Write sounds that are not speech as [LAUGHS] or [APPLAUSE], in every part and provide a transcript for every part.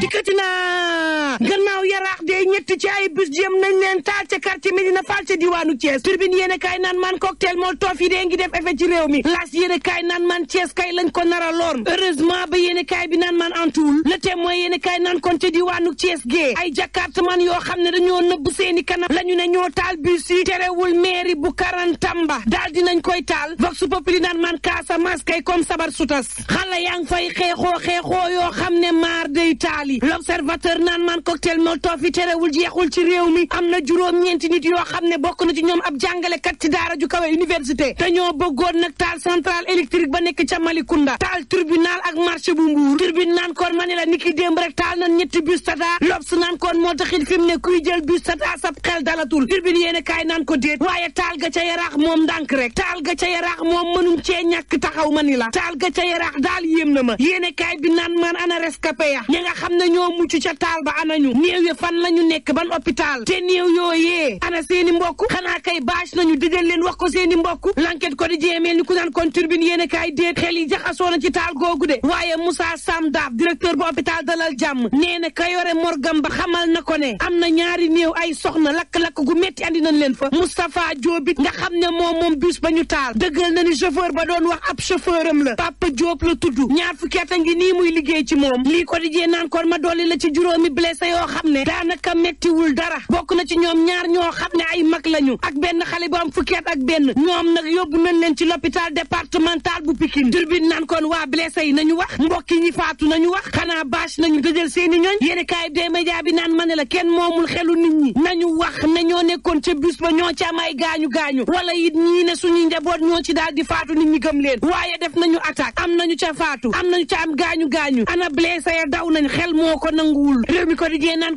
dikkati naa yi ñetti ci ay bus jëm nañ leen taal ca quartier Médina Fall ca diwaanu Thiès turbine yéen a kaay naan man cocktail Molotov yi dee ngi def effet ci réew mi las yéen a kaay naan man Thiès kay lañ ko nar a lor heureusement ba yéen a kaay bi naan man antuwul le témoin yéen a kaay naan kon ca diwaanu Thiès gee ay jakartaman yoo xam ne dañoo nëbb seeni kanam la ñu ne ñoo taal bus yi terewul mairie bu Karantamba daal dinañ koy taal vox populi naan man Casamance kay comme sabar sutas terewul jeexul ci réew mi am na juróom-ñeenti nit yoo xam ne bokk na ci ñoom ab jàngalekat ci daara ju kawe université te ñoo na nag taal centrale électrique ba nekk ca Malikunda taal tribunal ak marché bu Mbuur tribunal naan koon ma ne la niki démb rek taal nañ ñetti bus tata lobs naan koon moo taxit fi mu ne kuy jël bus tata sab xel dalatul tribune yéen a kaay naan ko déet waaye taal ga ca yaraax moom ndànk rek taal ga ca yaraax moom mënum cee ñàkk taxaw ma ni la taal ga ca yaraax daal yéem na ma yéen a kaay bi naan man ana rescapé ya ñi nga ñoo mucc ca taal ba anañu ñu nekk ban hôpital te néew yooyee ana seeni mbokk xanaa kay bâche nañu digal leen wax ko seeni mbokk l'enquête ko di jéemeel ni ku naan kon turbine yéen a kaay déet xel yi jaxasoo na ci taal googu de waaye Moussa Sam Daab directeur bu hôpital Dalal Jàmm nee na ka yore morgam ba xamal na ko ne am na ñaari néew ay soxna lakk-lakk gu metti andi nañ leen fa Moustapha Diobit nga xam ne moom moom bus ba ñu taal dëggal na ni chauffeur ba doon wax ab chauffeur am la Papa Diop la tudd ñaar fukki ci moom lii ko di jee naan kon ma te méttiwul dara bokk na ci ñoom ñaar ñoo xam ne ay mag lañu ak benn xale bu am fukki at ak benn ñoom nag yóbbu nañ leen ci l'hôpital départemental bu Pikine turbine naan kon waa blessé yi nañu wax mbokk yi ñi faatu nañu wax xanaa bâche nañu dëjël seeni ñooñ yéeni kaay des média bi naan ma ne la kenn moomul xelu nit ñi nañu wax ne ñoo nekkoon ca bus ba ñoo ci am ay gaañu gaañu wala it ñii ne suñuy njaboot ñoo ci daal di faatu nit ñi gëm leen waaye def nañu attaque am nañu ca faatu am am gaañu gaañu ana blessé ya daw nañ xel moo ko nanguwul réew mi ko di jee naan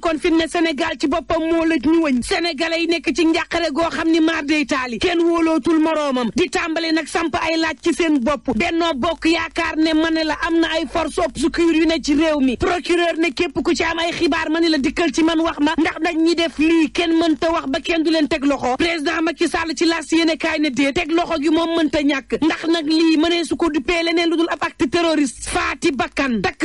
Sénégal ci boppam moo lëj wëñ sénégalais yi nekk ci njàqare goo xam ni maar day taali kenn wóolootul moroomam di tàmbale nag samp ay laaj ci seen bopp bennoo bokk yaakaar ne ma ne la am na ay force obscure yu ne ci réew mi procureur ne képp ku ci am ay xibaar ma ne la dikkal ci man wax ma ndax nag ñi def lii kenn mënta wax ba kenn du leen teg loxo président Macky Sall ci laas yéene kaay ne dee teg loxo gi moom mënta ñàkk ndax nag lii mënee su ko duppee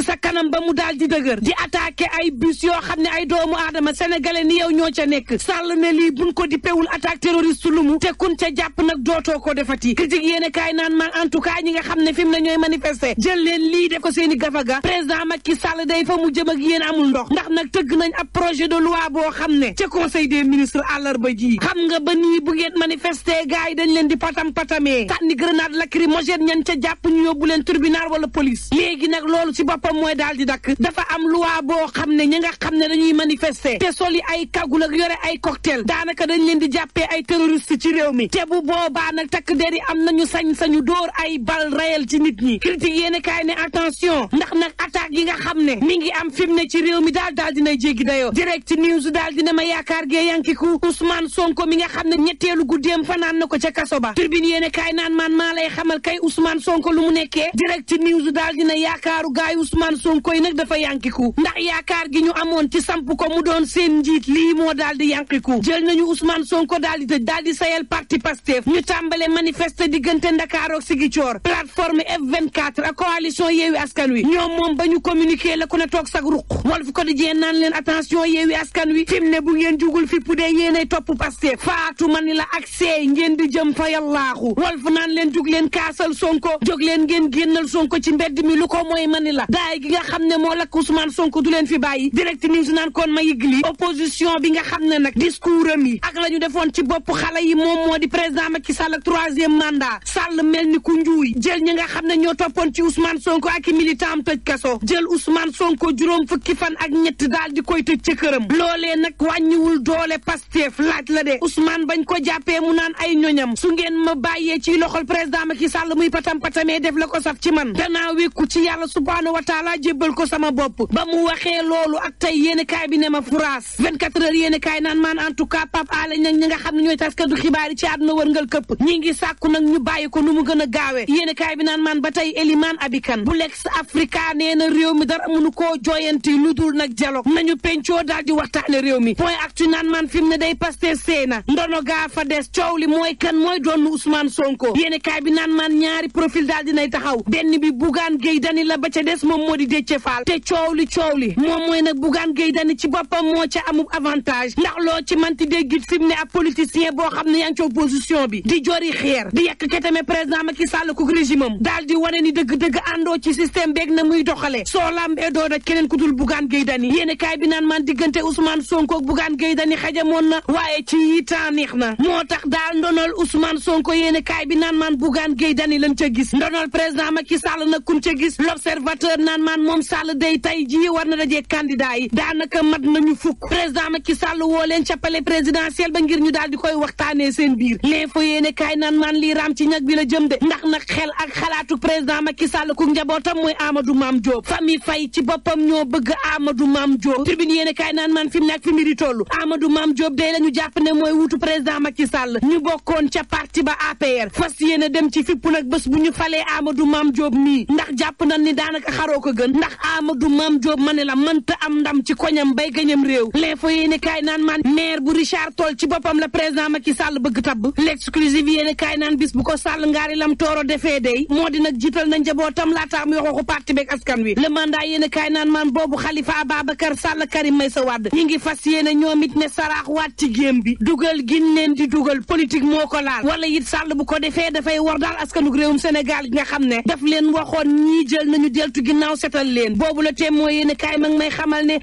sa kanam ba mu daal di dëgër di attaqué ay bus yoo xam ne ay doomu jàmm sénégalais ni yow ñoo ca nekk sàll ne lii buñ ko dippewul attaque terroriste lu mu te kun ca jàpp nag dootoo ko defati critique yéene kaay naan man en tout cas ñi nga xam ne fi mu ne ñooy manifester jël leen lii def ko seeni gafaga président Macky day fa mu jëm ak yéen amul ndox ndax nag tëgg nañ a projet de loi boo xam ne ca conseil des ministres àllarba ji xam nga ba nii bu ngeen manifester gars yi dañ leen di patam patamee tànni grenade lacrymogène ñan ca jàpp ñ yóbbu leen tribunal wala police léegi nag loolu ci boppam mooy daal di dakk dafa am loi boo xam ne ñi nga xam ne dañuy manifester procès te ay kagul ak yore ay cocktail daanaka dañ leen di jàppee ay terroriste ci réew mi te bu nag takk der am nañu sañ-sañu dóor ay bal rayal ci nit ñi critique yéen kaay ne attention ndax nag attaque yi nga xam ne mi ngi am fi mu ne ci réew mi daal daal dinay jéggi dayoo direct news daal dina ma yaakaar gee yankiku Ousmane Sonko mi nga xam ne ñetteelu guddeem fanaan na ko ca kaso ba tribune yéen kaay naan man maa lay xamal kay Ousmane Sonko lu mu nekkee direct news daal dina yaakaaru gaay Ousmane Sonko yi nag dafa yankiku ko noonu seen njiit lii moo daal di yànqiku jël nañu Ousmane Sonko daal di parti Pastef ñu tàmbale manifester diggante Ndakaaru Sigicoor plateforme F24 ak coalition Yewwi Askan Wi ñoom moom ba ñu communiqué la ku ne toog sag ruq Walf Quotidien naan leen attention Yewwi Askan Wi fi mu ne bu ngeen jugul fippu dee yéenay topp Pastef faatu ma ni ngeen di jëm fa yàllaaxu Walf naan leen jug leen kaasal Sonko jóg leen ngeen génnal Sonko ci mbedd mi lu ko lii opposition bi nga xam ne nag discours yi ak la ñu defoon ci bopp xale yi moom moo di président ma Sall ak troisième mandat Sall mel ni ku njuuy jël ñi nga xam ne ñoo toppoon ci Ousmane Sonko ak i militant am tëj kaso jël Ousmane Sonko juróom fukki fan ak ñett daal di koy tëj ca këram loolee nag wàññiwul doole Pastef laaj la de Ousmane bañ ko jàppee mu naan ay ñoñam su ngeen ma bàyyee ci loxol président ma Macky Sall muy patam patamee def la ko saf ci man danaa wékku ci yàlla subhaanahu wa taala jébbal ko sama bopp mu waxee loolu tey yéen entourage 24 heures yéen naan maan en tout cas Pape Alé Niang ñi nga xam ne ñooy taskatu xibaar yi ci àdduna wërngal këpp ñi ngi sàkku nag ñu bàyyi ko nu mu gën a gaawee yéen a kaay bi naan maan ba tey Elimane Abikan bu Lex Africa nee na réew mi dara mënu koo jooyanti lu dul nag dialogue nañu pencoo daal di réew mi point actu naan maan fi mu ne day Pastef see na ndono gaa fa des coow li mooy kan mooy doon Ousmane Sonko yéen kaay bi naan maan ñaari profil daal dinay taxaw benn bi Bougane Gueye Dany la ba ca des moom moo di Déthié Fall te coow li coow li moom mooy nag Bougane Gueye Dany ci boppam moo ca amub avantage ndax loo ci manti dégg sim ne ab politicien boo xam ne yaa ci opposition bi di jori xeer di yekk ketame président Macky Sall ku régime am daal di wane ni dëgg-dëgg àndoo ci système beeg na muy doxale soo lambee doo daj keneen ku dul Bougane Gueye Dany yéen kaay bi naan man diggante Ousmane Sonko ak Bougane Gueye Dany xajamoon na waaye ci yi na moo tax daal ndonal Ousmane Sonko yéen kaay bi naan man Bougane Gueye Dany lañ ca gis ndonal président Macky Sall nag kun ca gis l'observateur naan man moom Sall day tey jii war na fukk président Macky Sall woo leen ca palais présidentiel ba ngir ñu daal di koy waxtaanee seen biir l'info yéene kaay nan naan lii raam ci ñag bi la jëm de ndax nag xel ak xalaatu président Macky Sall ku njabootam mooy Amadou maam Diop famille Faye ci boppam ñoo bëgg Amadou Mame Diop tribune yéene kaay naan man fi mu nekk fi mbir yi toll Amadou Mame Diop day la ñu jàpp ne mooy wutu président Macky Sall ñu bokkoon ca parti ba APR fas yéene dem ci fippu nag bés bu ñu falee Amadou Mame Diop mii ndax jàpp nan ni daanaka xaroo ko gën ndax Amadou Mame Diop ma la mënta am ndam ci koñam bay réew l'info yéene kaay naan man maire bu Richard Toll ci boppam la président Macky Sall bëgg tabb l'exclusive yéene kaay naan bis bu ko Sall ngaari lam tooro defee day moo di nag jiital na njabootam laataa muy waxoo ko parti beeg askan wi le mandat yéene kaay naan man boobu Khalifa Ababacar Sall Karim Meïssa Wade ñi ngi fas yéene ñoom ne saraax waat ci géem bi dugal gin di dugal politique moo ko laal wala it Sall bu ko defee dafay war daal askanug réewum Sénégal ne daf leen waxoon ñii jël nañu deltu ginnaaw setal leen boobu la témoin yéene kaay mag may xamal ne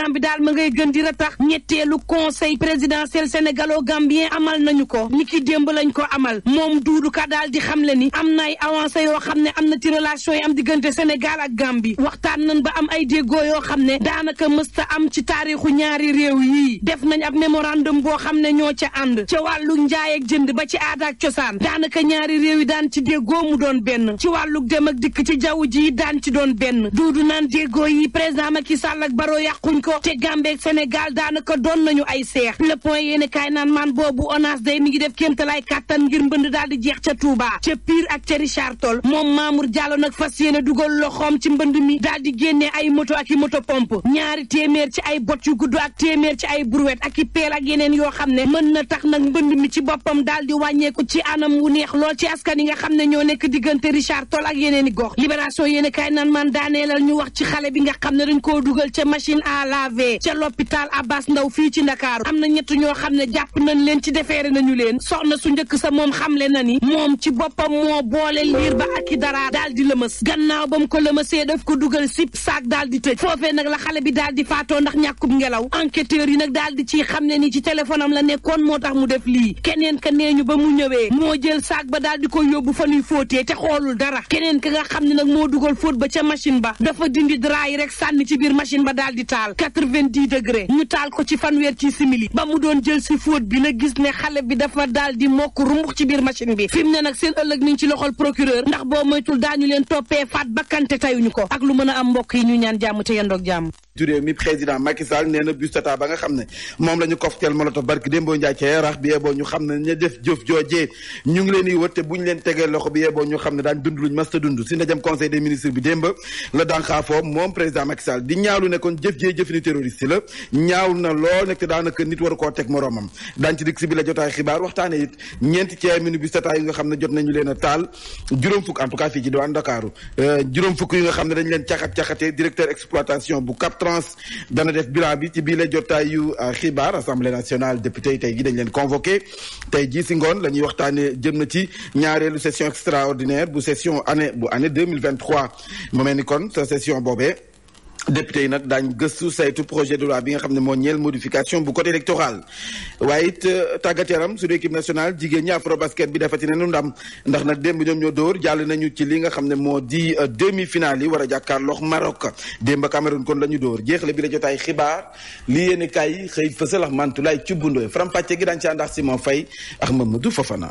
président bi daal ma ngay gën di ratax ñetteelu conseil présidentiel sénégalo-gambien amal nañu ko ni ki démb lañ ko amal moom Doudou daal di xamle ni am na ay avancé yoo xam ne am na ci relation yi am diggante Sénégal ak Gambie waxtaan nañ ba am ay déggoo yoo xam ne daanaka mësta am ci taarixu ñaari réew yii def nañ ab mémorandum boo xam ne ñoo ca ànd ca wàllu njaay ak jënd ba ci aada ak cosaan daanaka ñaari réew yi daan ci déggoo mu doon benn ci wàllu dem ak dikk ci jaww ji daan ci doon benn Doudou naan déggoo yi président Macky Sall ak Baro yàqu ko te Gambeeg Sénégal daanaka doon nañu ay seex le point yéen naan maan boobu ONAS day mi ngi def kéemtalaay kàttan ngir mbënd daal di jeex ca Touba ca Pire ak ca Richard Toll moom Mamour Diallo nag fas yéene dugal loxoom ci mbënd mi daal di génnee ay moto ak i moto pompe ñaari téeméer ci ay bot yu gudd ak téeméer ci ay brouette ak i peel ak yeneen yoo xam ne mën na tax nag mbënd mi ci boppam daal di wàññeeku ci anam wu neex lool ci askan yi nga xam ne ñoo nekk diggante Richard Toll ak yeneen i gox libération yéen kaay naan maan daaneelal ñu wax ci xale bi nga xam ne dañ koo dugal ca machine lavé ca l'hôpital Abbas ndaw fii ci Ndakaaru am na ñett ñoo xam ne jàpp nañ leen ci defeere nañu leen soxna su njëkk sa moom leen na ni moom ci boppam moo boole liir ba ak i dara daal di lëmës gannaaw ba mu ko lëmësee daf ko dugal sip saak daal di tëj foofee nag la xale bi daal di faatoo ndax ñàkkub ngelaw enquêteurs yi nag daal di ci xam ne ni ci téléphone la nekkoon moo tax mu def lii keneen ka nee ñu ba mu ñëwee moo jël saak ba daal di ko yóbbu fa ñuy fóotee te xoolul dara keneen ka nga xam ne nag moo dugal fóot ba ca machine ba dafa dindi dara yi rek sànni ci biir machine ba di taal quatre vingt degré ñu taal ko ci fanweer ci simili ba mu doon jël si fóot bi na gis ne xale bi dafa daal di mokk rumbux ci biir machine bi fi mu ne nag seen ëllëg niñ ci loxol procureur ndax boo moytul ñu leen toppee faat bakkante tayuñu ko ak lu mën a am mbokk yi ñu ñaan jàmm ci yendoog jàmm réew mi président Macky Sall nee bus Tata ba nga xam ne moom la ñu cocktail molotov barki démboo Ndiaye ca Yaraax bi yeboo ñu xam ne ñu def jëf joojee ñu ngi leen di wër te bu leen tegee loxo bi yeboo ñu xam ne daañ dund luñ mës a dund si ndajem conseil des ministres bi démb la danxaafoo moom président Macky Sall di ñaawlu ne kon jëf jee jëf ni terroriste la ñaawlu na loo nekk te daanaka nit waru koo teg moroomam daan ci dikk si jotaay xibaar waxtaane it ñeenti ci ay minu nañu leen a taal juróom fukk en tout cas fii euh, yi nga xam ne dañ leen caxat caxatee directeur exploitation bu cap trans dana def bilan bi ci bii la jotaayu euh, xibaar assemblée nationale député tey jii dañ leen convoqué tey jii si ngoon la ñuy waxtaanee jëm na ci ñaareelu session extraordinaire bu session année bu année 2023 mu mel ni kon sa session boobee député yi nag daañ gëstu saytu projet de loi bi nga xam ne moo ñeel modification bu code électoral waaye it euh, tàggat yaram suñu équipe nationale jigéen ñi afro basket bi defati nañu ndam ndax na démb ñoom ñoo dóor jàll nañu ci li nga xam ne moo di euh, demi finale yi war a jàkkaarloog Maroc démb Cameroun kon la ñu dóor jeexle bi la jotaay xibaar li yéen i kaay xëy fësal ak Mantoulaye Thioub Ndoye faram-fàcce gi daañu ci ànd ak Simon Faye ak Mamadou Fofana.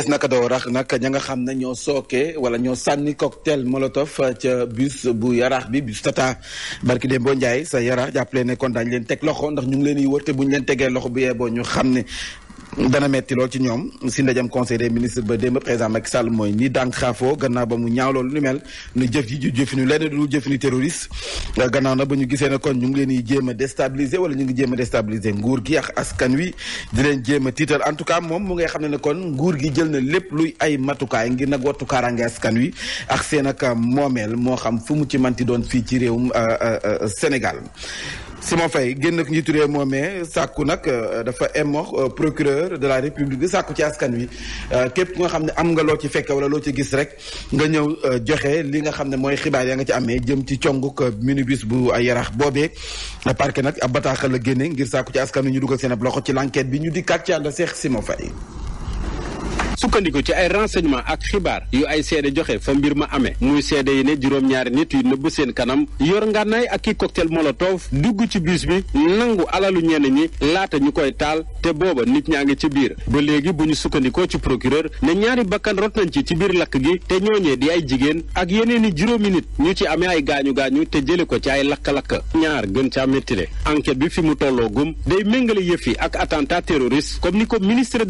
Thiès naka doo rax nag ña nga xam ne ñoo sooke wala ñoo sànni cocktail molotov ca bus bu yaraax bi bus tata barki dem boo Ndiaye sa yaraax jàppale ne kon daañu leen teg loxo ndax ñu ngi leen di wër te bu ñu leen tegee loxo bu yeboo ñu xam ne dana metti lool ci ñoom si ndajam conseil des ministres ba démb président Macky Sall mooy ni dànk xaafoo gannaaw ba mu ñaaw loolu lu mel nu jëf ji ju jëfinu lenn du jëfinu terroriste gannaaw na ba ñu gisee ne kon ñu ngi leen di jéem a wala ñu ngi jéem a déstabiliser nguur gi ak askan wi di leen jéem a tiital en tout cas moom mu ngay xam ne ne kon nguur gi jël na lépp luy ay matukaay ngir nag wattu kaaraange askan wi ak seen ak moomeel moo xam fu mu ci manti doon fii ci réewum euh, euh, euh, Sénégal ma Faye génn ak njiitu réew moomee sàkku nag euh, dafa emo euh, procureur de la république di sàkku ci askan wi euh, képp ku nga xam ne am nga loo ci fekkee wala loo ci gis rek nga ñëw joxe li nga xam ne mooy xibaar yaa nga ci amee jëm ci conguk minibus bu ay yarax boobee parquet nag ab bataaxal la génne ngir sàkku ci askan wi ñu dugal seen ab loxo ci l'enquête bi ñu di kat ci ànd Cheikh Simon Faye sukkandiku ci ay renseignement ak xibaar yu ay seede joxe fa mbir ma amee muy seede yi ne juróom-ñaari nit yu nëbb seen kanam yor ngànnaay ak i cocktail molotov dugg ci bus bi nangu alalu ñenn ñi laata ñu koy taal te booba nit ñaa ngi ci biir ba léegi bu ñu sukkandikoo ci procureur ne ñaari bakkan rot nañ ci ci biir lakk gi te ñooñee di ay jigéen ak yeneen i juróomi nit ñu ci amee ay gaañu-gaañu te jële ko ci ay lakk-lakk ñaar gën caa méttile enquête bi fi mu tolloo gum day méngale yëf yi ak comme ni ko ministre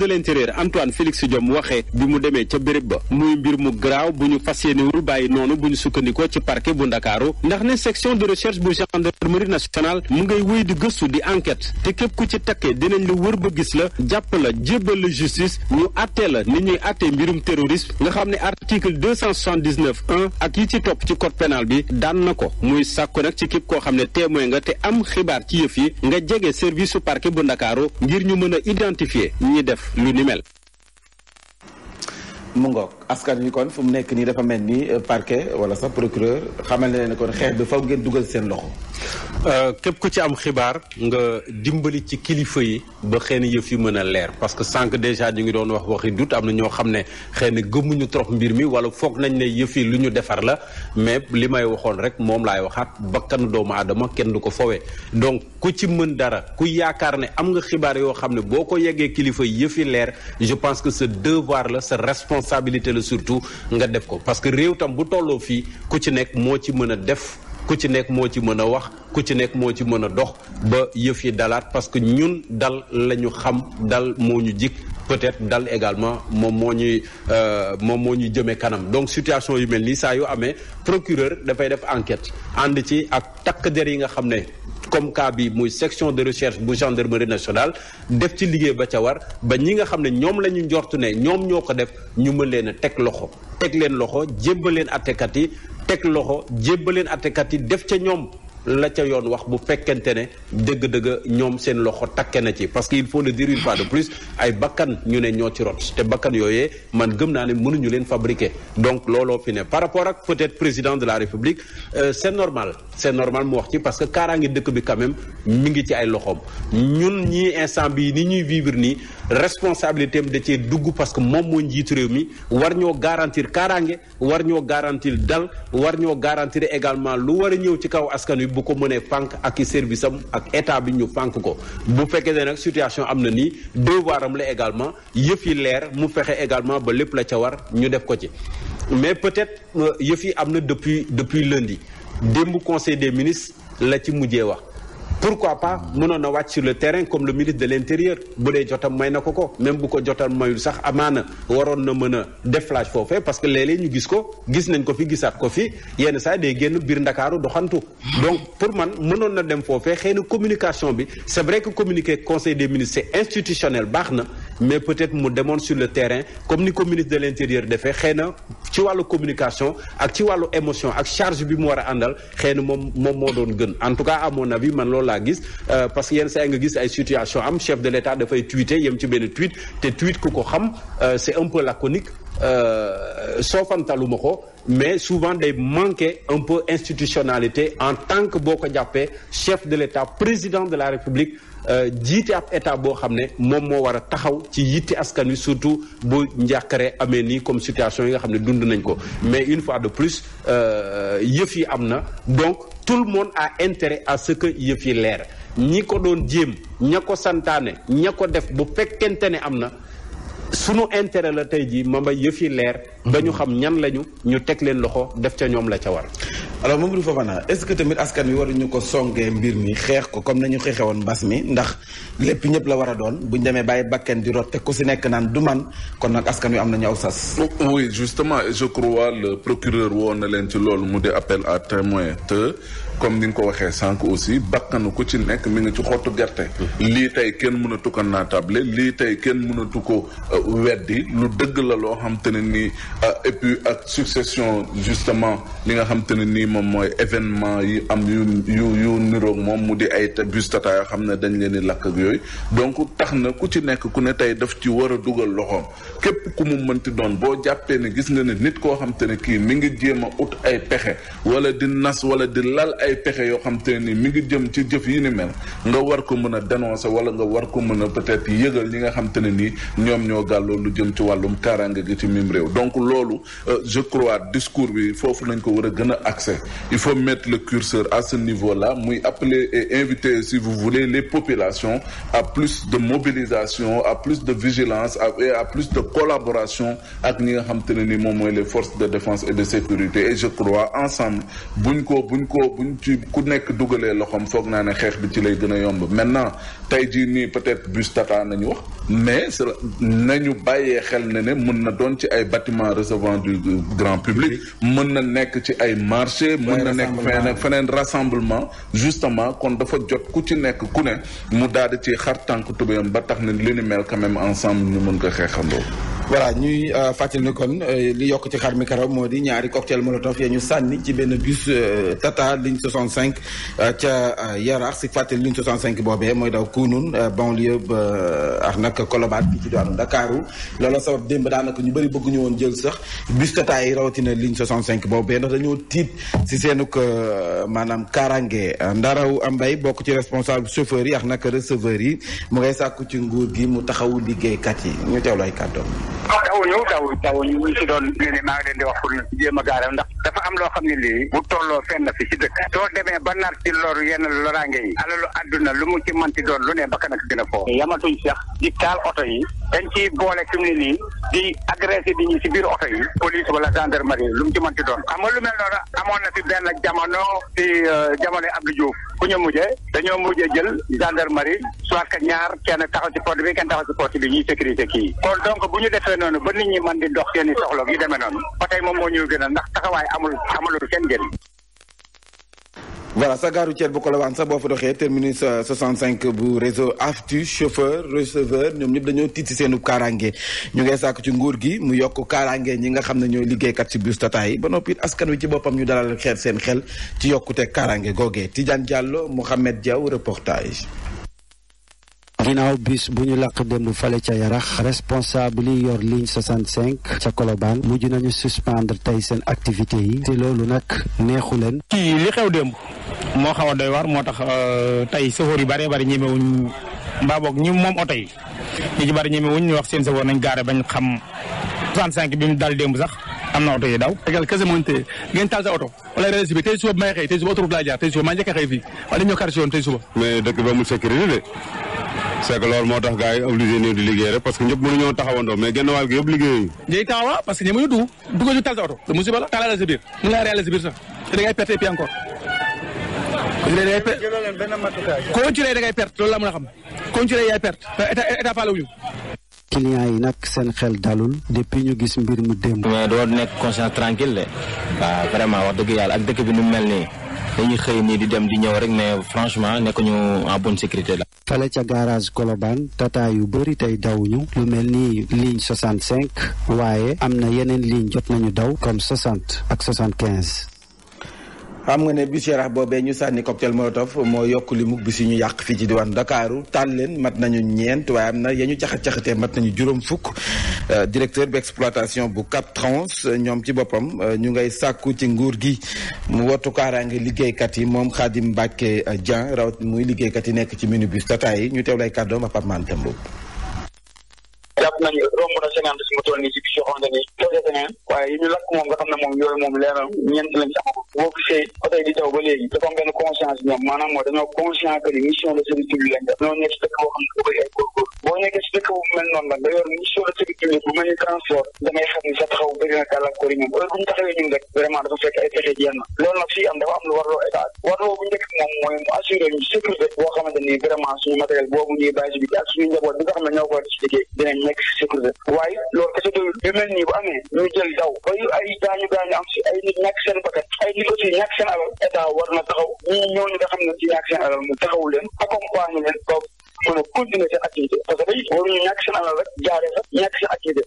waxee bi mu demee ca béréb ba muy mbir mu garaaw bu ñu fas yéenewul bàyyi noonu bu ñu sukkandikoo ci parquet bu ndakaaru ndax ne section de recherche bu gendarmerie nationale mu ngay wéy di gëstu di enquête te képp ku ci takkee dinañ lu wër ba gis la jàpp la jébbal la justice ñu àttee la ni ñuy àttee mbirum terrorisme nga xam ne article 279 1 ak yi ci topp ci code pénal bi daan na ko muy sàkku nag ci képp koo xam ne témoin nga te am xibaar ci yëf yi nga jege service su parquet bu ndakaaru ngir ñu mën a identifier def mu askan wi kon fu mu nekk nii dafa mel ni euh, parquet wala sax procureur xamal ne ne kon xeex bi faw ngeen dugal seen loxo. Euh, képp ku ci am xibaar nga dimbali ci kilifa yi ba xëy na yëf yu mën a leer parce que sànq déjà ñu ngi doon wax waxi dut am na ñoo xam ne xëy na gëmuñu trop mbir mi wala foog nañ ne yëfi lu ñu defar la mais li may waxoon rek moom laay waxaat bakkanu doomu aadama kenn du ko fowee donc ku ci mën dara ku yaakaar ne am nga xibaar yoo xam ne boo ko yeggee kilifa yëf surtout nga def ko parce que réew tam bu tolloo fii ku ci nekk moo ci mën a def ku ci nekk moo ci mën a wax ku ci nekk moo ci mën a dox ba yëf yi dalaat parce que ñun dal la ñu xam dal moo ñu jik peut-être dal également moom moo ñuy euh, moom moo ñuy jëmee kanam donc situation yu mel nii saa yu amee procureur dafay def enquête ànd ci ak takk der yi nga xam ne comme cas bi muy section de recherche bu gendarmerie nationale def ci liggéey ba ca war ba ñi nga xam ne ñoom la ñu njortu ne ñoom ñoo ko def ñu mën leen a teg loxo teg leen loxo jébbaleen attekat yi teg loxo jébbaleen attekat yi def ca ñoom la ca yoon wax bu fekkente ne dëgg-dëgg ñoom seen loxo takke na ci parce que il faut le dire une fois de plus ay bakkan ñu ne ñoo ci rot te bakkan yooyee man gëm naa ne mënuñu leen fabriquer donc looloo fi ne par rapport ak peut-être président de la république euh, c'est normal c'est normal mu wax ci parce que kaaraangi dëkk bi quand même mi ngi ci ay loxoom ñun ñii instant bii ni ñuy vivre nii responsabilité am da cee dugg parce que moom moo njiitu réew mi war ñoo garantir kaaraange war ñoo garantir dal war ñoo garantir également lu war a ñëw ci kaw askan wi bu ko mënee fànk ak i service am ak état bi ñu fànk ko bu fekkee ne nag situation am na nii deux am la également yëf yi leer mu fexe également ba lépp la ca war ñu def ko ci mais peut-être euh, yëf yi am na depuis depuis lundi démb conseil des ministres la ci mujjee wax pourquoi pas mënoon na wàcc sur le terrain comme le ministre de l'intérieur bu dee jotam may na ko ko même bu ko jotam mayul sax amaana waroon na mën a def flash foofee parce que léeg-léeg ñu gis ko gis nañ ko fi gisaat ko fi yenn saa day génn biir Ndakaaru doxantu donc pour man mënoon na dem foofee xëy na communication bi c'est vrai que communiquer conseil des ministres c'est institutionnel baax na mais peut-être mu demoon sur le terrain comme ni ko ministre de l'intérieur xëy na ci wàllu communication ak ci wàllu émotion ak charge bi mu war a àndal xëy na moom moom moo doon gën en tout cas amoon na bi man loolu laa gis euh, parce que yenn saa nga gis ay situation am chef de l' état dafay tweeter yem ci benn tweet te tweet ku ko xam euh, c' est un peu laconique Euh, soofantaluma ko mais souvent day manquer un pour institutionnalité en tant que boo ko jàppee chef de l'État président de la République euh, jiite ab état boo xam ne moom moo war a taxaw ci yitte askan wi surtout bu njàkkare amee nii comme situation yi nga xam ne dund nañ ko mais une fois de plus euh, yëf yi am na donc tout le monde a intérêt à ce que yëf yi leer ñi ko doon jéem ña ko santaane ña ko def bu fekkente ne am na sunu intérêt la tey jii Mamba yëf yi leer. ba ñu xam ñan lañu ñu teg leen loxo def ca ñoom la ca war. alors Mamadou Fofana est-ce que tamit askan wi waruñu ko songee mbir mi xeex ko comme nañu xeexee woon mbas mi ndax lépp ñëpp la war a doon buñ demee bàyyi bakken di rot te ku si nekk naan du man kon nag askan wi am nañu aw sas. oui justement je crois le procureur woon na leen ci loolu mu di appel à témoin te. comme ni nga ko waxee sànq aussi bàkkanu ku ci nekk mu ngi ci xottu gerte. lii tey kenn mënatu ko naatable lii tey kenn mënatu ko euh, weddi lu dëgg la loo xam te ne nii euh, et puis ak succession justement li nga xam te ne nii moom mooy événement yi am yu yu yu niroog moom mu di ay bus tata yoo xam ne dañ leen di lakk yooyu donc tax na ku ci nekk ku ne tey daf ci war a dugal loxoom képp ku mu mënti doon boo jàppee ne gis nga ne nit koo xam te ne kii mi ngi jéem a ut ay pexe wala di wala di lal ay pexe yoo xam te ni mi ngi jëm ci jëf yi ni mel nga war ko mën a wala nga war ko mën a peut-être yëgal ñi nga xam ne nii ñoom ñoo gàlloo lu jëm ci wàllum kaaraange gi ci mim donc loolu euh, je crois discours bi foofu nañ ko war a gën a accès il faut mettre le curseur à ce niveau muy appeler et inviter si vous voulez les populations à plus de mobilisation à de vigilance et de collaboration ak ñi nga xam ne nii moom mooy les forces de défense et de sécurité et je crois ensemble buñ ko buñ ko buñ ci ku nekk dugalee loxoom foog naa ne xeex bi ci lay gën a yomb maintenant tey jii nii peut-être bus Tata nañu wax mais nañu bàyyee xel na ne mën na doon ci ay bâtiment recevant du grand public mën na nekk ci ay marché mën na nekk feneen feneen rassemblement justement kon dafa jot ku ci nekk ku ne mu daal di ci xar tànk tubéyam ba tax ne li ni mel quand même ensemble ñu mën ko xeexandoo voilà ñuy euh, fàttali ni kon euh, li yokk ci xar mi karaw moo di ñaari cocktail molotov ya ñu sànni ci benn bus euh, Tata ligne 65 ca Yaraax si fàttali ligne 65 boobee mooy daw Kounoun banlieue ba ak nag Colobane bi ci diwaanu Ndakaaru looloo sabab démb daanaka ñu bëri bëgguñu woon jël sax bis Tata yi rawatina ligne 65 boobee ndax dañoo tiit si seenuk maanaam kaaraange Ndaraw Ambay bokk ci responsable chauffeur yi ak nag receveur yi mu ngay ci nguur gi mu taxawu liggéeykat yi ñu teewlu ay kàddoom dawuñu dawuñu dawuñu ñu doon ne ne di wax pour ñu jéem a gaaral ndax dafa am loo xam ne lii bu tolloo fenn fi si dëkk soo demee ba nar ci loru yenn loraange yi alalu àdduna lu mu ci manti doon lu ne bakkan ak gën a yamatuñ sax di taal oto yi dañ ciy boole fi mu ne nii di agressé di ñu si biir oto yi police wala gendarmerie lu mu ci manti doon xam nga lu mel noonu amoon na fi benn jamono si euh, jamono Abdou Diouf ku ñu mujjee dañoo mujjee jël gendarmerie soit que ñaar kenn taxaw si porte bi kenn taxaw si porte bi ñuy sécurité kii kon donc bu ñu defee defee noonu ba nit ñi man di dox seen i soxla yu demee noonu ba tey moom moo ñuy gën a ndax taxawaay amul amalul kenn njëriñ. voilà sa gaaru Thiel bu Colobane sax boo fa doxee terminus 65 euh, bu réseau AFTU chauffeur receveur ñoom ñëpp dañoo tiit si seenu kaaraange ñu ngay sàkk ci nguur gi mu yokk kaaraange ñi nga xam ne ñooy liggéeykat si bus Tata yi ba noppi askan wi ci boppam ñu dalal xeet seen xel ci yokkute kaaraange googee tiijan Diallo Mouhamed Diaw reportage. ginaaw bis bu ñu làq démb fale ca yarax responsable yi yor ligne 65 ca Colobane mujj nañu suspendre tey seen activité yi te loolu nag neexu leen ci li xew démb moo xaw a doy waar moo tax euh, tey sëfoor yu bëree bëri ñemewuñ mbaa boog ñi moom oto yi ñu wax seen sëfoor nañ gaare bañ xam 65 bi mu dal démb sax am na oto yi daw. égal kese moo ñu tey suba may xëy tey suba autoroute laa jaar tey suba maa njëkk a fii wala ñoo kar si yoon tey c' est loolu moo tax gars yi obligé ñëw di liggéey rek parce que ñëpp mënuñoo taxawandoo mais genn wàll gi yëpp liggéeyuñu. taxawa parce que ñoom ñu dugg duggal ñu tal sa oto te musiba la talal sa biir mën ngaa perte loolu laa mën a xam continuer yaay perte état état fàllewuñu. clients yi nag seen xel dalul depuis ñu gis mbir mu démb. mais doo nekk conscience tranquille de waaw vraiment wax dëgg yàlla ak dëkk bi nu mel nii dañuy xëy nii di dem di ñëw rek mais franchement nekkuñu en bonne sécurité la fale ca garage Colobane tata yu bëri tey dawuñu lu mel ni ligne 65 waaye am na yeneen ligne jot nañu daw comme 60 ak 75. xam nga ne bis yarax boobee ñu sànni cocktail molotov moo yokk li mug bis yi ñu yàq fii ci diwaan Ndakaaru tàll leen mat nañu ñeent waaye am na ya ñu caxat-caxatee mat nañu juróom fukk euh, directeur bi exploitation bu Cap Trans ñoom ci boppam euh, ñu ngay sàkku ci nguur gi mu wottu kaaraange liggéeykat yi moom Khadim Mbacke Dieng rawat muy liggéeykat yi nekk ci minibus Tata yi ñu teew lay kàddoom a Pape Man Tembo jàpp nañu romb na cinquante si toll nii si bis yoo xamante waaye yi ñu lakk moom nga xam ne moom yooyu moom leeral ñeent lañ sax boo gisee oto dafa am na gàllankoor yi ñoom heure bu ñu njëkk moom mooy mu assuré ñu sécurité boo xamante ni vraiment suñu matériel boobu ñuy bàyyi si ak suñu njaboot bi nga xam ne ñoo ko war a dinañ nekk nekk sécurité waaye loolu kese doyul yu mel nii bu amee ñu jël daw ba yu ay gaañu gaañu am si ay nit ñàkk seen bakkan ay nit aussi ñàkk seen alal état war na taxaw ñii ñooñu nga xam ne si ñàkk seen alal mu taxaw leen leen ba mën a continuer seen activité parce que day waruñu ñàkk seen alal rek jaaree sax ñàkk seen activité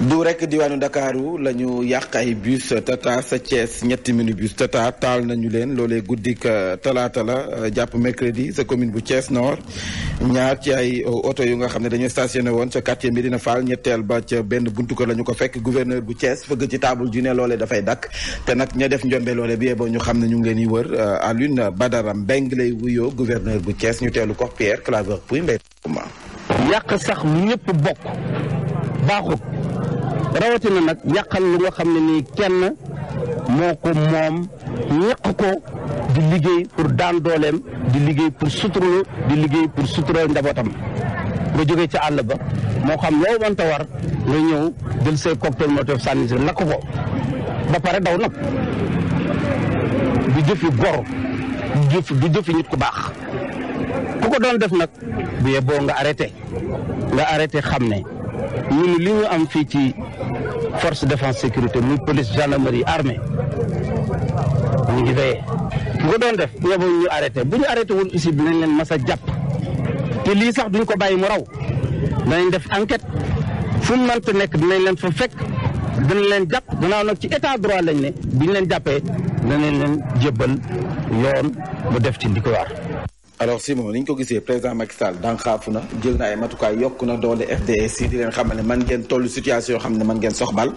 du rek diwaanu Ndakaaru lañu yàq ay bus tata sa Thiès ñetti minibus tata taal nañu leen loolee guddik euh, talaata la euh, jàpp mercredi sa commune bu cees Nord ñaar ci ay euh, oto yu nga xam ne dañoo stationné woon ca quartier Médina faal ñetteel ba ca benn buntu ko la ñu ko fekk gouverneur bu Thiès fëgg ci taabul ju ne loolee dafay dakk te nag ña def njombe loole bi yeboo ñu xam ne ñu ngi leen yi wër Alioune Badara Mbengue lay yoo gouverneur bu cees ñu teelu ko Pierre Claver Pouy Mbengue yàq sax bokk rawatina nag yàqal lu nga xam ne nii kenn moo ko moom ñeq ko di liggéey pour daan dooleem di liggéey pour suturlu di liggéey pour sutural njabootam nga jóge ca àll ba moo xam loo mënta war nga ñëw jël say cocktail molotov sànni si lakk ko ba pare daw nag du jëfi gor du jëfi du jëfi nit ku baax ku ko doon def nag bu yeboo nga arrêté nga arrêté xam ne mu ñun li ñu am fii ci force défense sécurité muy police gendarmerie armée ñu ngi veillé bu ko doon def ñu arrêté bu ñu arrêté woon aussi dinañ leen mas a jàpp te lii sax duñ ko bàyyi mu raw danañ def enquête fu mu mënta nekk dinañ leen fa fekk dinañ leen jàpp gannaaw nag ci état droit lañ ne bi ñu leen jàppee danañ leen jébbal yoon bu def ci ndi ko waar alors Simon ni ñu ko gisee président Macky Sall dànxaafu na jël na ay matukaay yokk na doole FDS yi di leen xamal ne man ngeen toll situation yoo xam ne man ngeen soxbal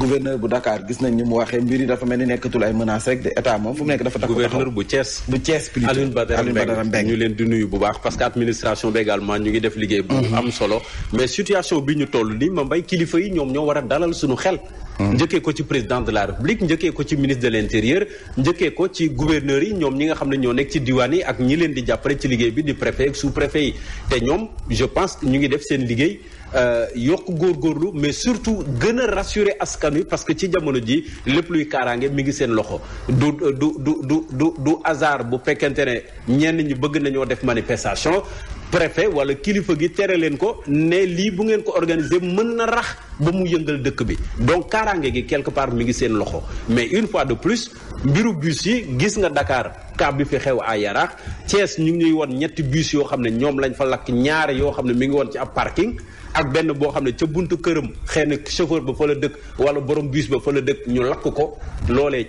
gouverneur bu Dakar gis nañ ni mu waxee mbir yi dafa mel ni nekkatul ay menaces rek de état moom fu mu nekk dafa tax gouverneur bu Thiès bu Thiès plutôt Alioune ñu leen di nuyu bu baax parce que administration bi également ñu ngi def liggéey bu mhm. am solo mais situation bi ñu toll nii ma mbay kilifa ñoom ñoo war a dalal suñu xel Hmm. njëkkee ko ci président de la république njëkkee ko ci ministre de l' intérieur njëkkee ko ci gouverneurs yi ñoom ñi nga xam ne ñoo nekk ci diwaan yi ak ñi leen di jàppale ci liggéey bi di préfet ak sous préfet yi te ñoom je pense ñu ngi def seen liggéey euh, yokk góor góorgóorlu mais surtout gën a rassurer askan wi parce que ci jamono ji lépp luy kaaraange mi ngi seen loxo du du du du du du hasard bu fekkente ne ñenn ñi bëgg nañoo def manifestation préfet wala kilifa gi tere leen ko ne lii bu ngeen ko organiser mën na rax ba mu yëngal dëkk bi donc kaaraange gi quelque part mu ngi seen loxo mais une fois de plus mbiru bus yi gis nga Dakar cas bi fi xew a Yaraax Thiès ñu ngi ñuy woon ñetti bus yoo xam ne ñoom lañ fa lakk ñaar yoo xam ne mi ngi woon ci ab parking ak benn boo xam ne ca buntu këram xëy na chauffeur ba fa la dëkk wala borom bus ba fa la dëkk ñu lakk ko loolee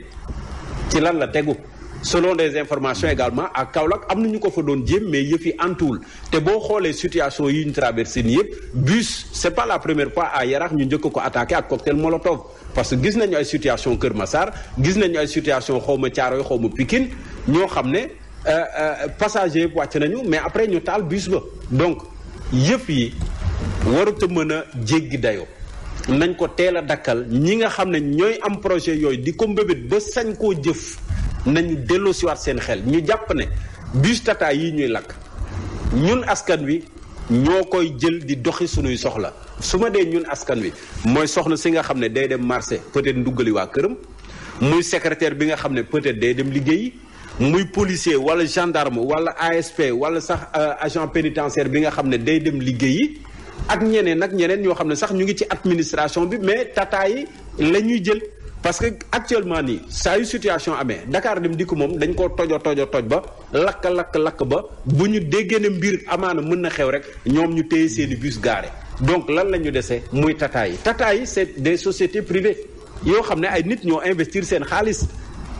ci lan la tegu selon des informations également ak Kaolack am na ñu ko fa doon jéem mais yëf yi antuwul te boo xoolee situation yi ñu traversé nii yëpp bus c'est pas la première fois à Yarax ñu njëkk ko attaqué ak cocktail molotov parce que gis nañu ay situation Kër Massar gis nañu ay situation xaw ma Thiaroye xaw ma Pikine ñoo xam ne euh, euh, passager yëpp wàcc nañu mais après ñu taal bus ba donc yëf yi warut a mën a jéggi dayoo nañ ko teel a dakkal ñi nga xam ne ñooy am projet yooyu di ko mbébét ba koo jëf nañu delloosiwaat seen xel ñu jàpp ne bus tata yi ñuy lakk ñun askan wi ñoo koy jël di doxi sunuy soxla su ma dee ñun askan wi mooy soxna si nga xam ne day dem marché peut-être nduggali këram muy secrétaire bi nga xam ne peut-être day dem liggéeyi muy policier walla gendarme walla ASP walla sax euh, agent pénitentiaire bi nga xam ne day dem liggéeyi ak ñeneen ak ñeneen ñoo xam ne sax ñu ngi ci administration bi mais tata lañuy jël. parce que actuellement nii saa yu situation amee Dakar dem dikk moom dañ koo tojo tojo toj ba lakk lakk lakk ba bu ñu déggee ne mbir amaana mën na xew rek ñoom ñu téye seen i bus garé donc lan la ñu desee muy Tata yi Tata yi c'est des sociétés privées yoo xam ne ay nit ñoo investir seen xaalis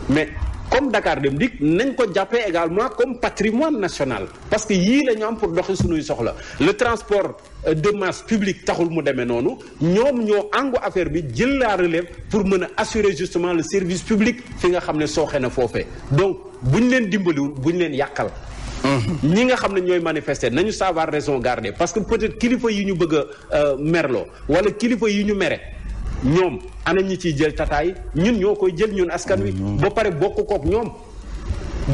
mais comme Dakar Dem Dikk nañ ko jàppee également comme patrimoine national parce que yii la ñu am pour doxi suñuy soxla le transport euh, de masse publique taxul mu demee noonu ñoom ñoo àngu affaire bi jël la relève pour mën a assurer justement le service public fi nga xam ne sooxe na foofe donc bu ñu leen dimbaliwul bu ñu leen yàqal mmh. ñi nga xam ne ñooy manifester nañu savoir raison garder parce que peut-être kilifa yi ñu bëgg a euh, merloo wala kilifa yi ñu mere ñoom ana ñi ciy jël tataay ñun ñoo koy jël ñun askan wi. ba pare bokk kook ñoom.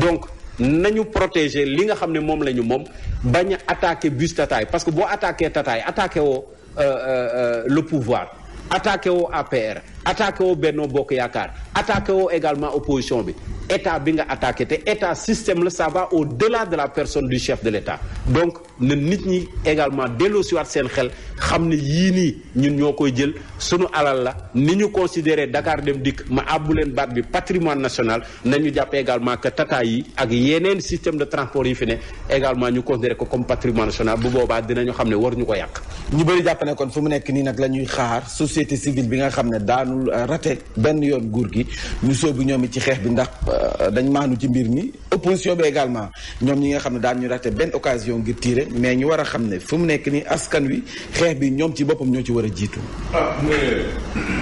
donc nañu protéger li nga xam ne moom la ñu moom bañ a attaquer bus tataay parce que boo attaquer tataay attaquer woo euh, euh, euh, le pouvoir attaquer wo APR attaquer woo benn Bokk Yaakaar attaquer wo également opposition bi état bi nga attaquer te état système la saba au-delà de la personne du chef de l'État donc. na nit ñi également delloo si waat seen xel xam ne yii nii ñun ñoo koy jël sunu alal la ni ñu considéré Dakar dem dikk ma àbbu leen baat bi patrimoine national ñu jàpp également que tata yi ak yeneen système de transport yi fi ne également ñu considéré ko comme patrimoine national bu boobaa dinañu xam ne war ñu ko yàq. ñu bëri jàpp ne kon fu mu nekk nii nag lañuy ñuy xaar société civile bi nga xam ne daanul euh, rate benn yoon nguur gi ñu sóobu ñoom ci xeex bi ndax euh, dañ maanu ci mbir mi opposition bi également ñoom ñi nga xam ne daan ñu rate benn occasion ngir tiire mais ñu war a xam ne fu mu nekk nii askan wi xeex bi ñoom ci boppam ñoo ci war a jiitu. ah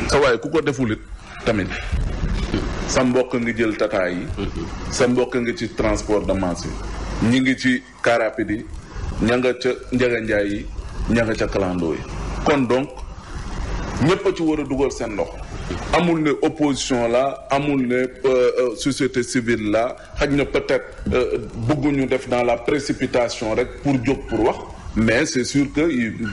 sa ah, waay ku ko defulit tamit sa mbokk nga jël tata yi. Mhm. sa mbokk nga ci transport de masse yi. ñu ngi ci car rapide ña nga ca njaganjaay yi ña nga ca clando yi. kon donc ñëpp a ci war a dugal seen loxo. amul ne opposition la amul ne euh, euh, société civile la xaj na peut-être euh, bëgguñu def dans la précipitation rek pour jóg pour wax mais c'est sur que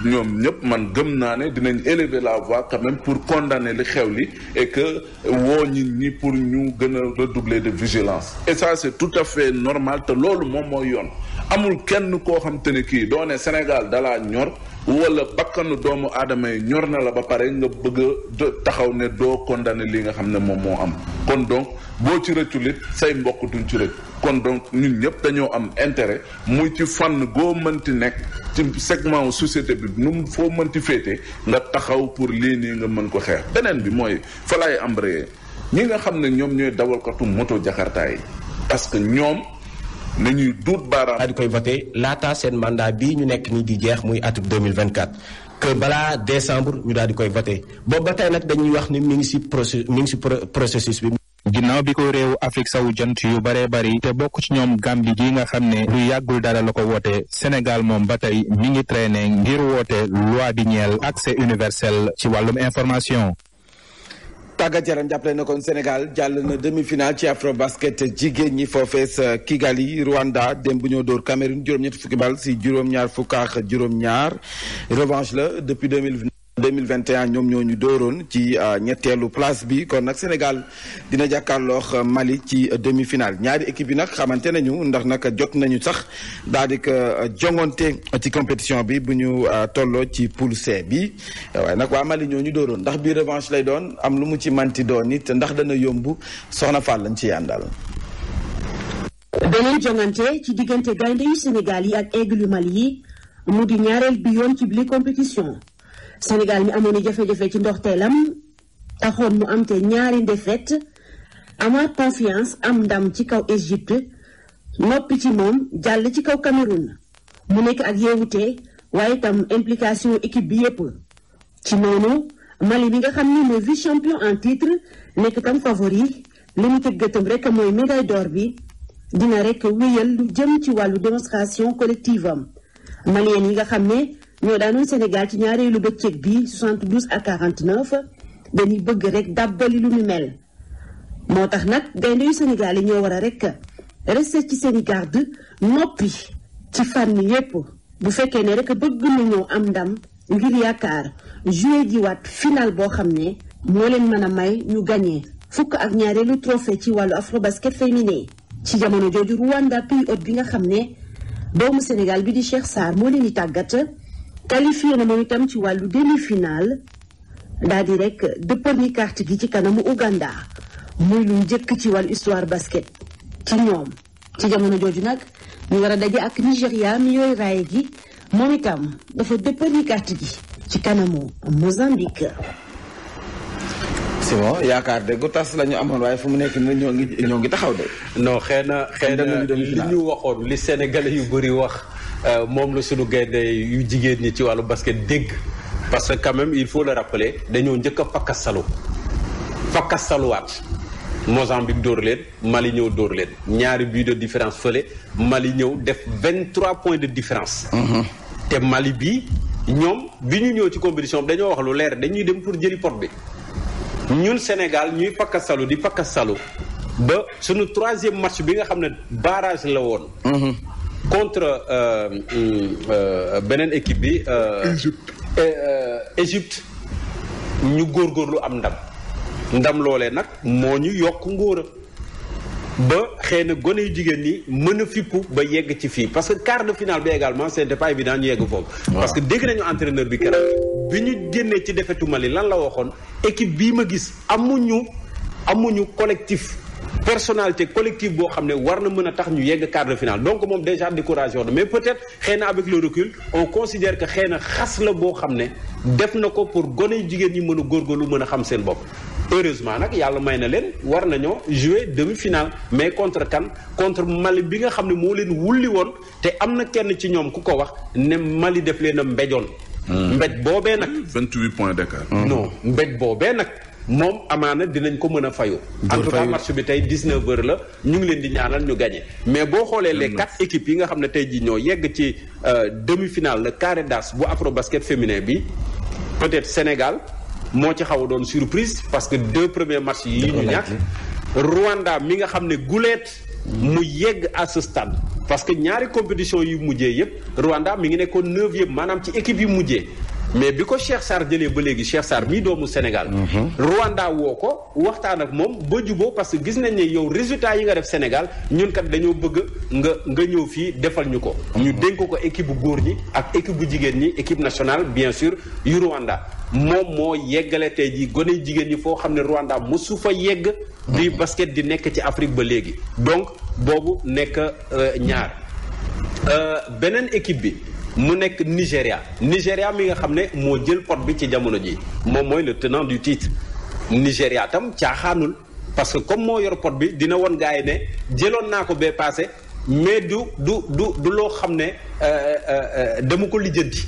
ñoom ñëpp man gëm naa ne dinañ élever la voix quand même pour condamner li xew li et que woo nit ñi pour ñu gën a redoubler de vigilance et ça c'est tout à fait normal te loolu moom mooy yoon amul kenn koo xam te ne kii doo Sénégal dalaa ñor walla bakkanu doomu aadama yi ñor na la ba pare nga bëgg a taxaw ne doo kon condamné lii nga xam ne moom moo am kon donc boo ci rëccul it say mbokk kon donc ñun ñëpp dañoo am intérêt muy ci fànn goo mënti nekk ci segment wu société bi nu foo mënti féete nga taxaw pour lii nii nga mën ko xeex beneen bi mooy fa laay ambré ñi nga xam ne ñoom ñooy dawalkatu moto jakarta yi parce ñoom. nañuy duut baaraam. daal di koy voté laata seen mandat bii ñu nekk nii di jeex muy atum 2024. que balaa décembre ñu daal di koy voté boobu ba nag dañuy wax ni mi ngi si procé mi ngi si processus bi. ginnaaw bi ko réewu Afrique sawu jant yu baree bari te bokk ci ñoom Gambie gi nga xam ne lu yàggul dara la ko woote Sénégal moom ba tey mi ngi traîner ngir woote lois bi ñeel accès universel ci wàllum information. tàggat yaram jàppale na kon Sénégal jàll na demi-finale ci Afrobasket jigéen ñi foofee sa euh, Kigali Rwanda démb ñoo dóor Cameroun juróom-ñett si juróom-ñaar fukk ak juróom revanche la depuis 2021 ñoom ñoo ñu dóoroon ci euh, ñetteelu place bi kon nag Sénégal dina jàkkaarloox Mali ci demi-finale ñaari équipe yi nag xamante nañu ndax nag jot nañu sax daal di ko euh, ci compétition bi bu ñu euh, tolloo ci poule C bi waaye nag waa Mali ñoo ñu dóoroon ndax bii revanche lay doon am lu mu ci manti doon it ndax dana yomb soxna Fall lañ ci yàndal beneen jongante ci diggante gaynde yu Sénégal yi ak aigle Mali yi mu di ñaareel bi yoon Sénégal mi amoon i jafe-jafe ci ndoxteelam taxoon mu am ñaari défaite amaat confiance am ndam ci kaw Égypte noppi ci moom jàll ci kaw Cameroun mu nekk ak yeewute waaye itam implication équipe bi yëpp ci noonu Mali bi nga xam ni mooy champion en titre nekk tam favori li mu tëgg gëtam rek mooy médaille d'or bi dina rek wéyal lu jëm ci wàllu démonstration collective am yi nga xam ne ñoo daanoon Sénégal ci ñaareelu bëccëg bi 72 à 49 dañuy bëgg rek dàbbali lu ñu mel moo tax nag gaynde yu Sénégal yi ñoo war a rek rester ci seen i garde noppi ci fànn yépp bu fekkee ne rek bëgg nañoo am ndam ngir yaakaar joué ji waat final boo xam ne moo leen mën a may ñu gagné fukk ak ñaareelu trophée ci wàllu afrobasket féminin ci jamono jooju Rwanda pays hôte bi nga xam ne doomu Sénégal bi di Cheikh Sarr moo leen di tàggat. qualifié na moom itam ci wàllu demi-finale daal di rek dëppandi kart gi ci kanamu Uganda muy lu njëkk ci wàllu histoire basket ci ñoom ci jamono jooju nag ñu war a daje ak Nigéria mi yooyu raaye gi moom itam dafa dëppandi kart gi ci kanamu Mozambique. Simon yaakaar de gu tas lañu amoon waaye fu mu nekk nii ñoo ngi taxaw de. non xëy na xëy na li ñu waxoon li sénégalais yu bari wax. Euh, moom la sunu gaynde yu jigéen ñi ci wàllu basket dégg parce que quand même il faut le rappeler dañoo njëkk a fakkastalu fakkastaluwaat Mozambique dóor leen Mali ñëw dóor leen ñaari but de différence fële Mali ñëw def 23 points de différence. Mhm. te Mali bi ñoom bi ñu ñëw ci compétition bi dañoo wax lu leer dañuy dem pour jëli pot bi. ñun Sénégal ñuy fakkastalu di fakkastalu ba sunu troisième match bi nga xam ne barrage la woon. Mhm. contre euh, hmm, euh, beneen équipe bi. Euh, Égypte Égypte ñu góorgóorlu am ndam ndam loolee nag moo ñu yokk ngóora ba xëy na gone yu jigéen ñi mën a fippu ba yegg ci fii parce que quart de finale bi également c'était pas bi daan yegg foofu. parce que dégg nañu entraîneur bi keroog. bi ñu génnee ci defetu li lan la waxoon équipe bii ma gis amuñu amuñu collectif. personnalité collective boo xam ne war na mën a tax ñu yegg quart de finale donc moom déjà découragé woon mais peut-être xëy na avec le recul on considère que xëy na xas la boo xam ne def na ko pour gone jigéen ñi mën a góorgóorlu mën a xam seen bopp. heureusement nag yàlla may na leen war nañoo jouer demi-finale mais contre kan contre Mali bi nga xam ne moo leen wulli woon te am na kenn ci ñoom ku ko wax ne Mali def leen a mbéjoon. Hmm. mbéj boobee nag. 28 points d'écart. non mbéj moom amaana dinañ ko mën a fayu en match bi tey 19 heures la ñu ngi leen di ñaanal ñu gagné mais boo xoolee les quatre yi nga xam ne tey ji ñoo yegg ci euh, demi final la carré d'as bu afrobasket féminin bi peut-être Sénégal moo ci xaw a doon surprise parce que deux premiers matchs yi ñu ñàkk Rwanda mi nga xam ne guleet mu yegg à ce stade parce que ñaari compétition yu mujjee yëpp Rwanda mi ngi nekkoon neuvième maanaam ci équipe yu mujjee mais bi ko Cheikh Sarr jëlee ba léegi Cheikh Sarr mii doomu Sénégal. Mhm. Rwanda woo ko waxtaan ak moom ba juboo parce que gis nañ ne yow résultat yi nga def Sénégal ñun kat dañoo bëgg nga nga ñëw fii defal ñu ko. Mhm. ñu dénk ko équipe bu góor ñi ak équipe bu jigéen ñi équipe national bien sur yu Rwanda. moom moo yeggale tey jii gone jigéen ñi foo xam ne Rwanda mosu fa yegg. di mhm. basket di nekk ci Afrique ba léegi donc boobu nekk euh, ñaar euh, beneen équipe bi. mu nekk Nigéria Nigéria mi nga xam ne moo jël pot bi ci jamono ji moom mooy le tenant du tiit Nigéria tam caaxaanul parce que comme moo yor pot bi dina woon gars yi ne jëloon naa ko bee paase mais du du du loo xam ne euh, euh, euh, dama ko lijjanti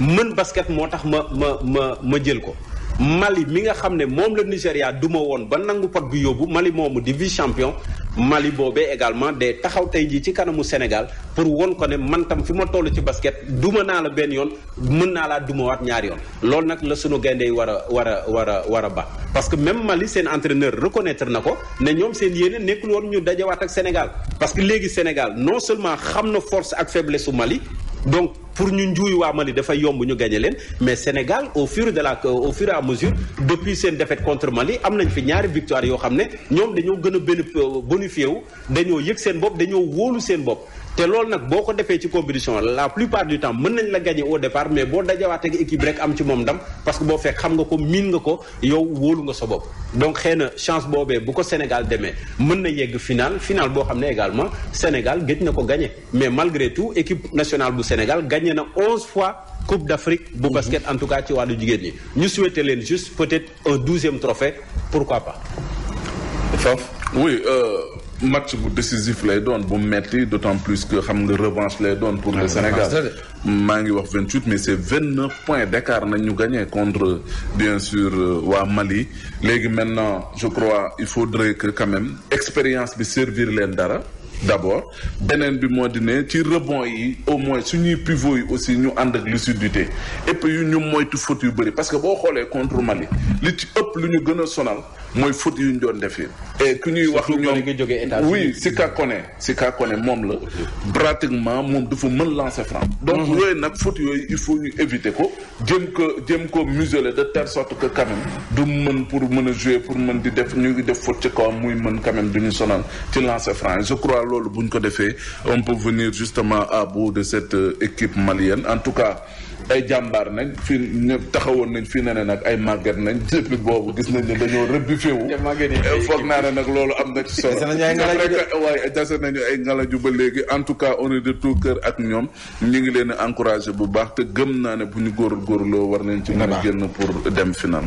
mën basket moo tax ma ma ma ma jël ko. Mali mi nga xam ne moom la Nigéria duma woon ba nangu pot bi yóbbu Mali moomu di vice champion Mali boobee également de taxaw tey jii ci kanamu Sénégal pour won ko ne man tam fi ma toll ci basket duma naa la benn yoon mën naa laa dumawaat ñaari yoon loolu nag la suñu gaynde yi war a war a war a war a ba parce que même Mali seen entraîneur reconnaître na ko ne ñoom seen yéene nekkul woon ñu waat ak Sénégal parce que léegi Sénégal non seulement xam na force ak faiblesse su Mali donc pour ñu njuuy waa Mali dafa yomb ñu gagné leen mais Sénégal au fur de la euh, au fur et mesure depuis seen défaite contre Mali am nañ fi ñaari victoire yoo xam ne ñoom dañoo gën a bénéficié euh, wu dañoo yëg seen bopp dañoo wóolu seen bopp te loolu nag boo ko defee ci compétition la plupart du temps mën nañ la gagné au départ mais boo dajawaatee ak équipe rek am ci moom ndam parce que boo fekk xam nga ko miin nga ko yow wóolu nga sa bopp. donc xëy na chance boobee bu ko Sénégal demee mën na yegg final final boo xam ne également Sénégal gëj na ko gagné mais malgré tout équipe nationale bu Sénégal gagné na 11 fois. Coupe d'Afrique bu mhm. basket en tout cas ci wàllu jigéen ñi ñu souhaité leen juste peut-être un douzième trophée pourquoi pas. Faf oui. Euh... match bu décisif lay doon bu metti d' autant plus que xam nga revanche lay doon pour le Sénégal maa ngi wax vingt huit mais c' est vingt neuf points d' nañ ñu gagné contre bien sûr euh, waa Mali léegi maintenant je crois il faudrait que quand même expérience bi servir leen dara d' abord beneen bi moo di ne ci rebond yi au moins suñuy pivot yi aussi ñu ànd ak lucidité et puis yu ñu moytu faute yu bëri parce que boo xoolee contre Mali li ci ëpp lu ñu gën a sonal mooy faute yu ñu doon def yi et ku ñuy wax lu ñoom oui Sika Koné Sika Koné moom la pratiquement moom dafa mën lancer franc donc mhm. yooyu nag faute yooyu il faut ñu éviter ko jéem ko jëm ko museler de telle sort que quand même du mën pour mën a jouer pour mën di def ñu def faute ci kawam mën quand même du ñu sonal ci lancer franc je crois loolu bu ñu ko defee on peut venir justement à bout de cette euh, équipe malienne en tout cas ay jàmbaar nañ fii ñëpp taxawoon nañ fii ne ne nag ay màgget nañ [LAUGHS] depuis boobu gis nañ ne dañoo rëbbi féewu eh, foog naa ne nag loolu am na ci solo waaye dase nañu ay ngalaju ba léegi en tout cas au est de tout cœur ak ñoom ñu ngi leen encouragé bu baax te gëm naa ne bu ñu góor góorloo war nañ ci mën a génn pour dem final